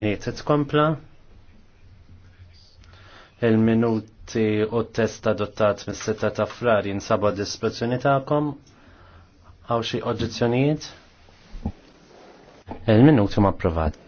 Jiet e, tkompla. Il-minuti u test adottat mis setta ta' frar jinsabu a dispozzjoni ta'kom. Għaw xi oġizjoniet. Il-minuti ma' approvat.